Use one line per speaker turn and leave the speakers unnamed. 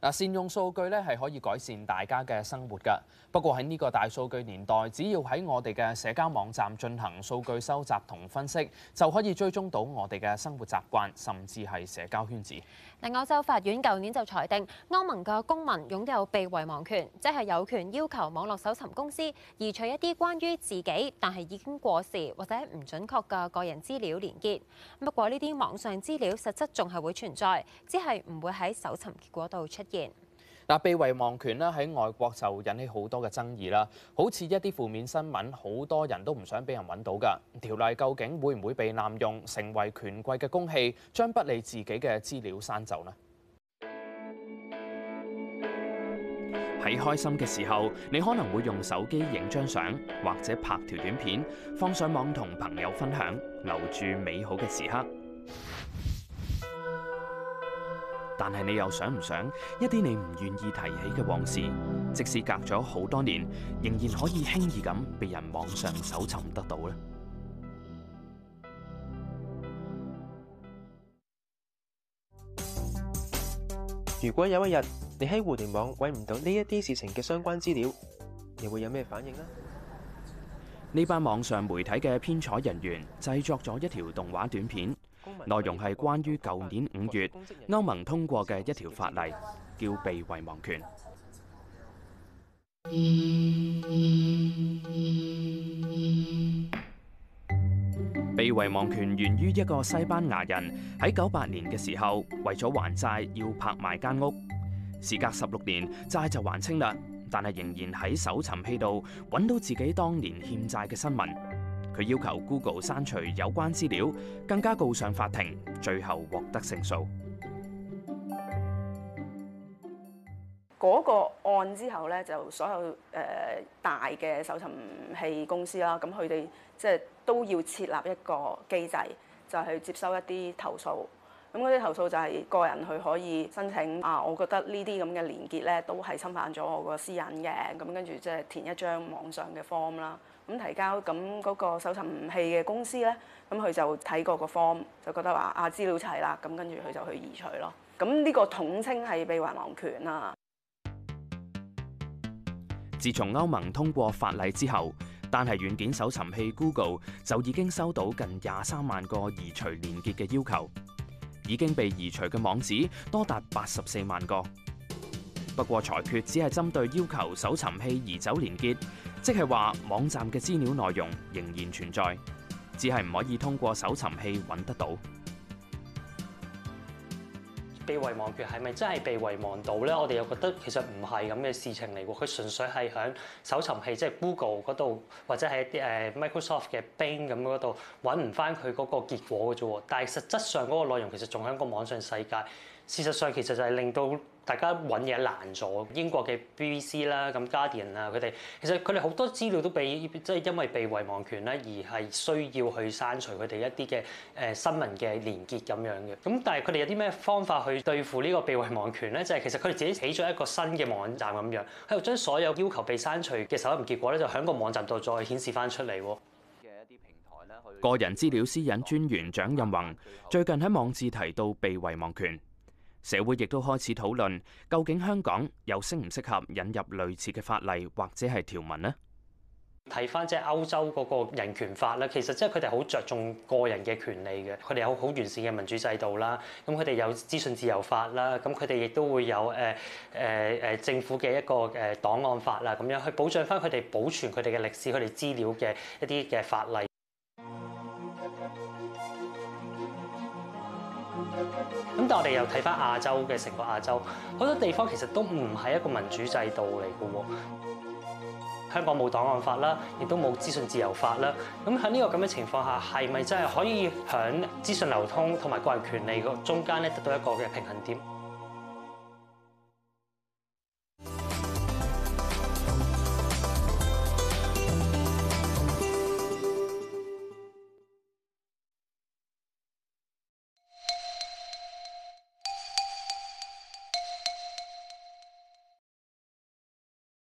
嗱，善用數據咧係可以改善大家嘅生活㗎。不過喺呢個大數據年代，只要喺我哋嘅社交網站進行數據收集同分析，就可以追蹤到我哋嘅生活習慣，甚至係社交圈子。
嗱，歐洲法院舊年就裁定，歐盟嘅公民擁有被遺忘權，即係有權要求網絡搜尋公司移除一啲關於自己但係已經過時或者唔準確嘅個人資料連結。不過呢啲網上資料實質仲係會存在，只係唔會喺搜尋結果度出現。
嗱，被遺忘權呢喺外國就引起好多嘅爭議啦，好似一啲負面新聞，好多人都唔想俾人揾到㗎。條例究竟會唔會被濫用，成為權貴嘅工具，將不利自己嘅資料刪走呢？喺開心嘅時候，你可能會用手機影張相，或者拍條短片，放上網同朋友分享，留住美好嘅時刻。但係你又想唔想一啲你唔願意提起嘅往事，即使隔咗好多年，仍然可以輕易咁被人網上搜尋得到呢？如果有一日你喺互聯網揾唔到呢一啲事情嘅相關資料，你會有咩反應呢？呢班網，網，網上媒體嘅編採人員製作咗一條動畫短片。內容係關於舊年五月歐盟通過嘅一條法例，叫被遺忘權。被遺忘權源於一個西班牙人喺九八年嘅時候為在時，為咗還債要拍賣間屋，時隔十六年債就還清啦，但係仍然喺搜尋器度揾到自己當年欠債嘅新聞。佢要求 Google 刪除有關資料，更加告上法庭，最後獲得勝訴。嗰個案之後咧，就所有、呃、大嘅搜尋器公司啦，咁佢哋即係都要設立一個機制，就去接收一啲投訴。咁嗰啲投訴就係個人去可以申請啊，我覺得呢啲咁嘅連結咧都係侵犯咗我個私隱嘅。咁跟住即係填一張網上嘅 form 啦，咁提交，咁嗰個搜尋器嘅公司咧，咁佢就睇過個 form，就覺得話啊，資料齊啦，咁跟住佢就去移除咯。咁呢個統稱係被遺忘權啊。自從歐盟通過法例之後，單係軟件搜尋器 Google 就已經收到近廿三萬個移除連結嘅要求。已經被移除嘅網址多達八十四萬個。不過裁決只係針對要求搜尋器移走連結，即係話網站嘅資料內容仍然存在，只係唔可以通過搜尋器揾得到。
被遺忘掉係咪真係被遺忘到咧？我哋又覺得其實唔係咁嘅事情嚟喎，佢純粹係響搜尋器，即係 Google 嗰度，或者係一啲誒 Microsoft 嘅 Bing 咁嗰度揾唔翻佢嗰個結果嘅啫。但係實質上嗰個內容其實仲喺個網上世界。事實上，其實就係令到大家揾嘢難咗。英國嘅 BBC 啦、咁 Guardian 啊，佢哋其實佢哋好多資料都被即係、就是、因為被遺忘權咧，而係需要去刪除佢哋一啲嘅誒新聞嘅連結咁樣嘅。咁但係佢哋有啲咩方法去對付呢個被遺忘權咧？就係、是、其實佢哋自己起咗一個新嘅網站咁樣，喺度將所有要求被刪除嘅搜尋結果咧，就喺個網站度再顯示翻出嚟喎。嘅一啲
平台啦，個人資料私隱專員蔣任宏最近喺網誌提到被遺忘權。社會亦都開始討論，究竟香港又適唔適合引入類似嘅法例或者係條文呢？
睇返即係歐洲嗰個人權法啦，其實即係佢哋好着重個人嘅權利嘅，佢哋有好完善嘅民主制度啦，咁佢哋有資訊自由法啦，咁佢哋亦都會有誒誒誒政府嘅一個誒檔案法啦，咁樣去保障返佢哋保存佢哋嘅歷史、佢哋資料嘅一啲嘅法例。咁但我哋又睇翻亞洲嘅成個亞洲，好多地方其實都唔係一個民主制度嚟嘅喎。香港冇檔案法啦，亦都冇資訊自由法啦。咁喺呢個咁嘅情況下，係咪真係可以響資訊流通同埋個人權利個中間咧，得到一個嘅平衡點？